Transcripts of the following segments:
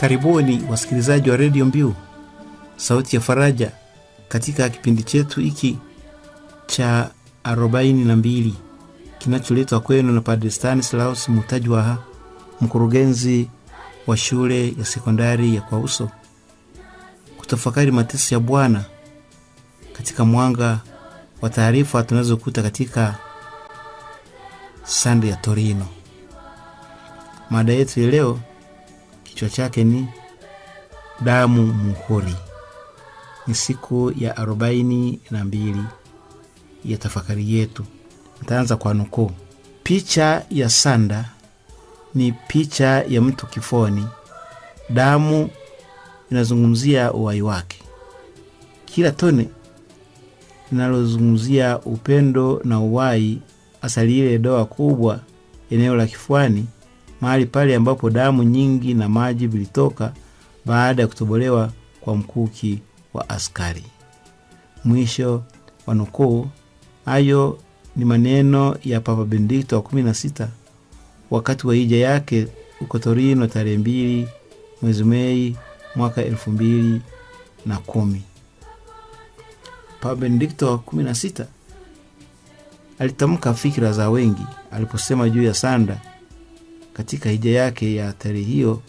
Karibuni wasikilizaji wa redio Mbiu sauti ya faraja, katika kipindi chetu hiki cha 42 kinacholetwa kwenu na Padre Stanislaus Mutajwaha, mkurugenzi wa shule ya sekondari ya Kwauso, kutafakari mateso ya Bwana katika mwanga wa taarifa tunazokuta katika Sande ya Torino. Mada yetu ya leo Kichwa chake ni damu muhuri. Ni siku ya arobaini na mbili ya tafakari yetu. Nitaanza kwa nukuu. Picha ya sanda ni picha ya mtu kifoni. Damu inazungumzia uhai wake. Kila tone linalozungumzia upendo na uhai, hasa lile doa kubwa eneo la kifuani, mahali pale ambapo damu nyingi na maji vilitoka baada ya kutobolewa kwa mkuki wa askari. Mwisho wa nukuu. Hayo ni maneno ya Papa Benedikto wa kumi na sita wakati wa hija yake huko Torino tarehe mbili mwezi Mei mwaka elfu mbili na kumi. Papa Benedikto wa kumi na sita alitamka fikira za wengi aliposema juu ya sanda katika hija yake ya tarehe hiyo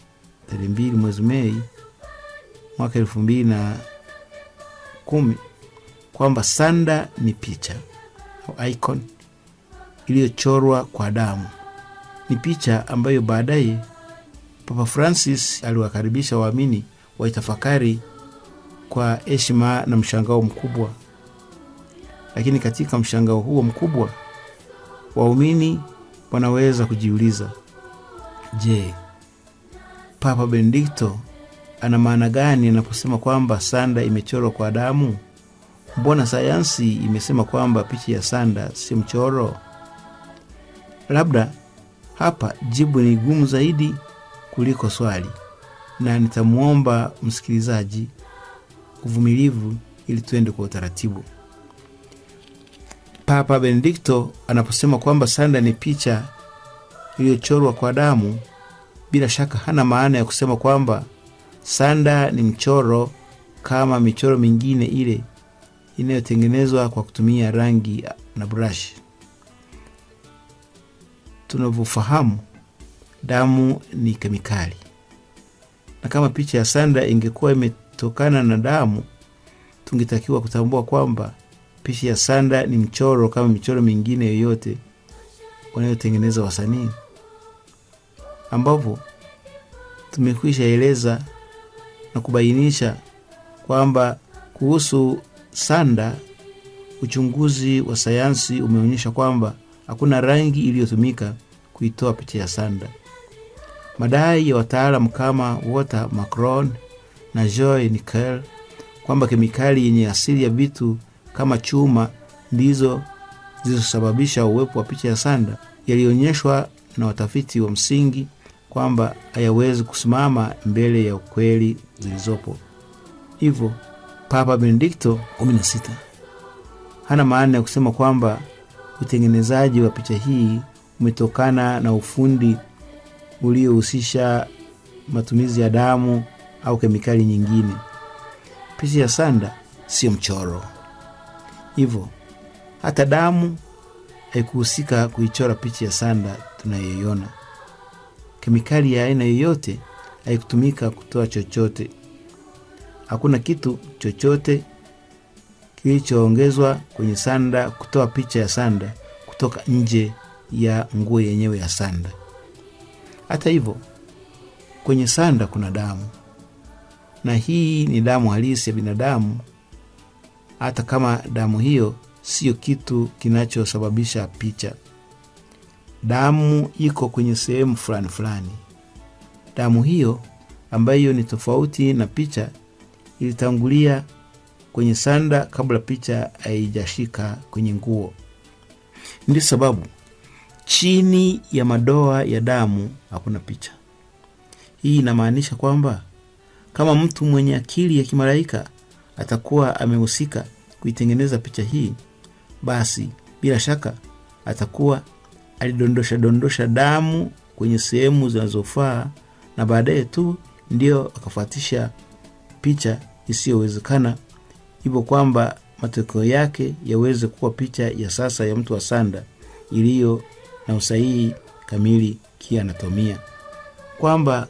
tarehe mbili mwezi Mei mwaka elfu mbili na kumi kwamba sanda ni picha au icon iliyochorwa kwa damu. Ni picha ambayo baadaye Papa Francis aliwakaribisha waamini waitafakari kwa heshima na mshangao mkubwa. Lakini katika mshangao huo mkubwa, waumini wanaweza kujiuliza Je, Papa Benedikto ana maana gani anaposema kwamba sanda imechorwa kwa damu? Mbona sayansi imesema kwamba picha ya sanda si mchoro? Labda hapa jibu ni gumu zaidi kuliko swali, na nitamwomba msikilizaji uvumilivu ili tuende kwa utaratibu. Papa Benedikto anaposema kwamba sanda ni picha iliyochorwa kwa damu, bila shaka hana maana ya kusema kwamba sanda ni mchoro kama michoro mingine ile inayotengenezwa kwa kutumia rangi na brush. Tunavyofahamu, damu ni kemikali, na kama picha ya sanda ingekuwa imetokana na damu, tungetakiwa kutambua kwamba picha ya sanda ni mchoro kama michoro mingine yoyote wanayotengeneza wasanii ambapo tumekwisha eleza na kubainisha kwamba kuhusu sanda, uchunguzi wa sayansi umeonyesha kwamba hakuna rangi iliyotumika kuitoa picha ya sanda. Madai ya wataalam kama Walter Macron na Joy Nickel kwamba kemikali yenye asili ya vitu kama chuma ndizo zilizosababisha uwepo wa picha ya sanda yalionyeshwa na watafiti wa msingi kwamba hayawezi kusimama mbele ya ukweli zilizopo. Hivyo Papa Benedikto 16 hana maana ya kusema kwamba utengenezaji wa picha hii umetokana na ufundi uliohusisha matumizi ya damu au kemikali nyingine. Picha ya sanda sio mchoro, hivyo hata damu haikuhusika kuichora picha ya sanda tunayoiona. Kemikali ya aina yoyote haikutumika kutoa chochote. Hakuna kitu chochote kilichoongezwa kwenye sanda kutoa picha ya sanda kutoka nje ya nguo yenyewe ya sanda. Hata hivyo, kwenye sanda kuna damu, na hii ni damu halisi ya binadamu, hata kama damu hiyo siyo kitu kinachosababisha picha damu iko kwenye sehemu fulani fulani. Damu hiyo ambayo ni tofauti na picha ilitangulia kwenye sanda kabla picha haijashika kwenye nguo. Ndio sababu chini ya madoa ya damu hakuna picha. Hii inamaanisha kwamba kama mtu mwenye akili ya kimalaika atakuwa amehusika kuitengeneza picha hii, basi bila shaka atakuwa alidondosha dondosha damu kwenye sehemu zinazofaa na baadaye tu ndio akafuatisha picha isiyowezekana, hivyo kwamba matokeo yake yaweze kuwa picha ya sasa ya mtu wa Sanda iliyo na usahihi kamili kianatomia, kwamba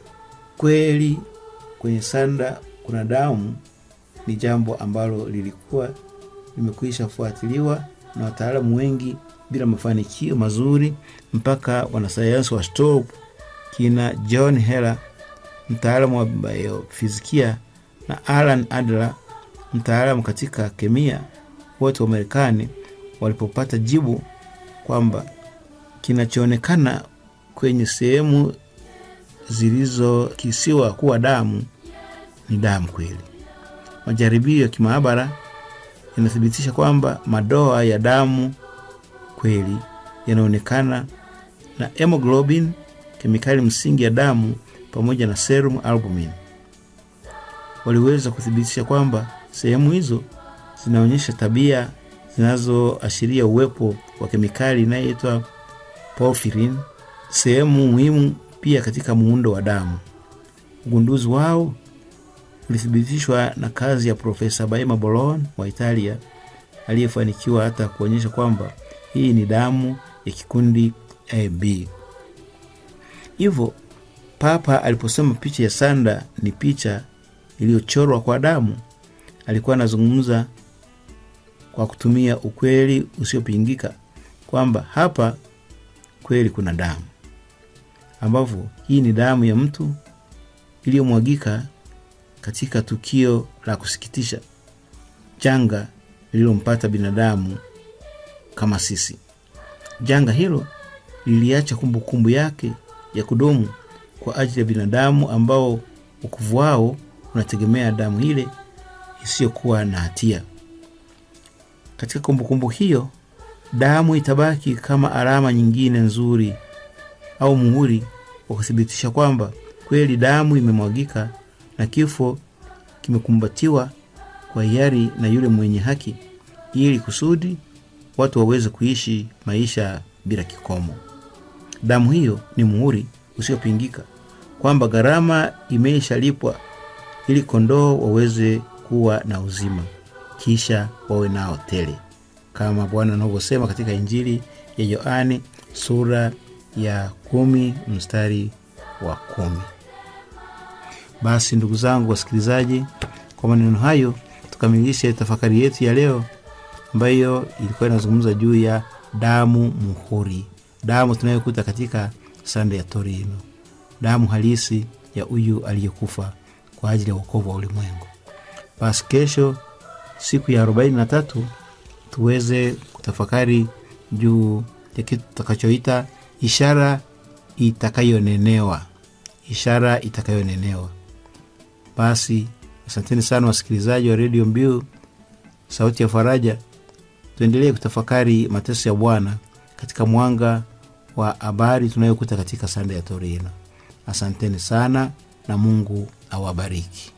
kweli kwenye Sanda kuna damu ni jambo ambalo lilikuwa limekwisha fuatiliwa na wataalamu wengi bila mafanikio mazuri mpaka wanasayansi wa Stowe kina John Heller, mtaalamu wa biofizikia na Alan Adler, mtaalamu katika kemia, wote wa Marekani walipopata jibu kwamba kinachoonekana kwenye sehemu zilizokisiwa kuwa damu ni damu kweli. Majaribio ya kimaabara yanathibitisha kwamba madoa ya damu kweli yanaonekana na hemoglobin, kemikali msingi ya damu, pamoja na serum albumin. Waliweza kuthibitisha kwamba sehemu hizo zinaonyesha tabia zinazoashiria uwepo wa kemikali inayoitwa porfirin sehemu muhimu pia katika muundo wa damu. Ugunduzi wao ulithibitishwa na kazi ya Profesa Baima Bolon wa Italia aliyefanikiwa hata kuonyesha kwamba hii ni damu ya kikundi AB. Hivyo Papa aliposema picha ya sanda ni picha iliyochorwa kwa damu, alikuwa anazungumza kwa kutumia ukweli usiopingika kwamba hapa kweli kuna damu, ambapo hii ni damu ya mtu iliyomwagika katika tukio la kusikitisha, janga lililompata binadamu kama sisi. Janga hilo liliacha kumbukumbu yake ya kudumu kwa ajili ya binadamu ambao ukuvu wao unategemea damu ile isiyokuwa na hatia. Katika kumbukumbu hiyo, damu itabaki kama alama nyingine nzuri au muhuri wa kuthibitisha kwamba kweli damu imemwagika na kifo kimekumbatiwa kwa hiari na yule mwenye haki ili kusudi watu waweze kuishi maisha bila kikomo. Damu hiyo ni muhuri usiopingika kwamba gharama imeshalipwa ili kondoo waweze kuwa na uzima, kisha wawe nao tele, kama Bwana anavyosema katika Injili ya Yohani sura ya kumi mstari wa kumi. Basi ndugu zangu wasikilizaji, kwa maneno hayo tukamilishe tafakari yetu ya leo ambayo ilikuwa inazungumza juu ya damu muhuri, damu tunayokuta katika sanda ya Torino, damu halisi ya huyu aliyekufa kwa ajili ya wokovu wa ulimwengu. Basi kesho siku ya arobaini na tatu tuweze kutafakari juu ya kitu tutakachoita ishara itakayonenewa, ishara itakayonenewa. Basi asanteni sana wasikilizaji wa redio Mbiu sauti ya faraja tuendelee kutafakari mateso ya Bwana katika mwanga wa habari tunayokuta katika sanda ya Torino. Asanteni sana na Mungu awabariki.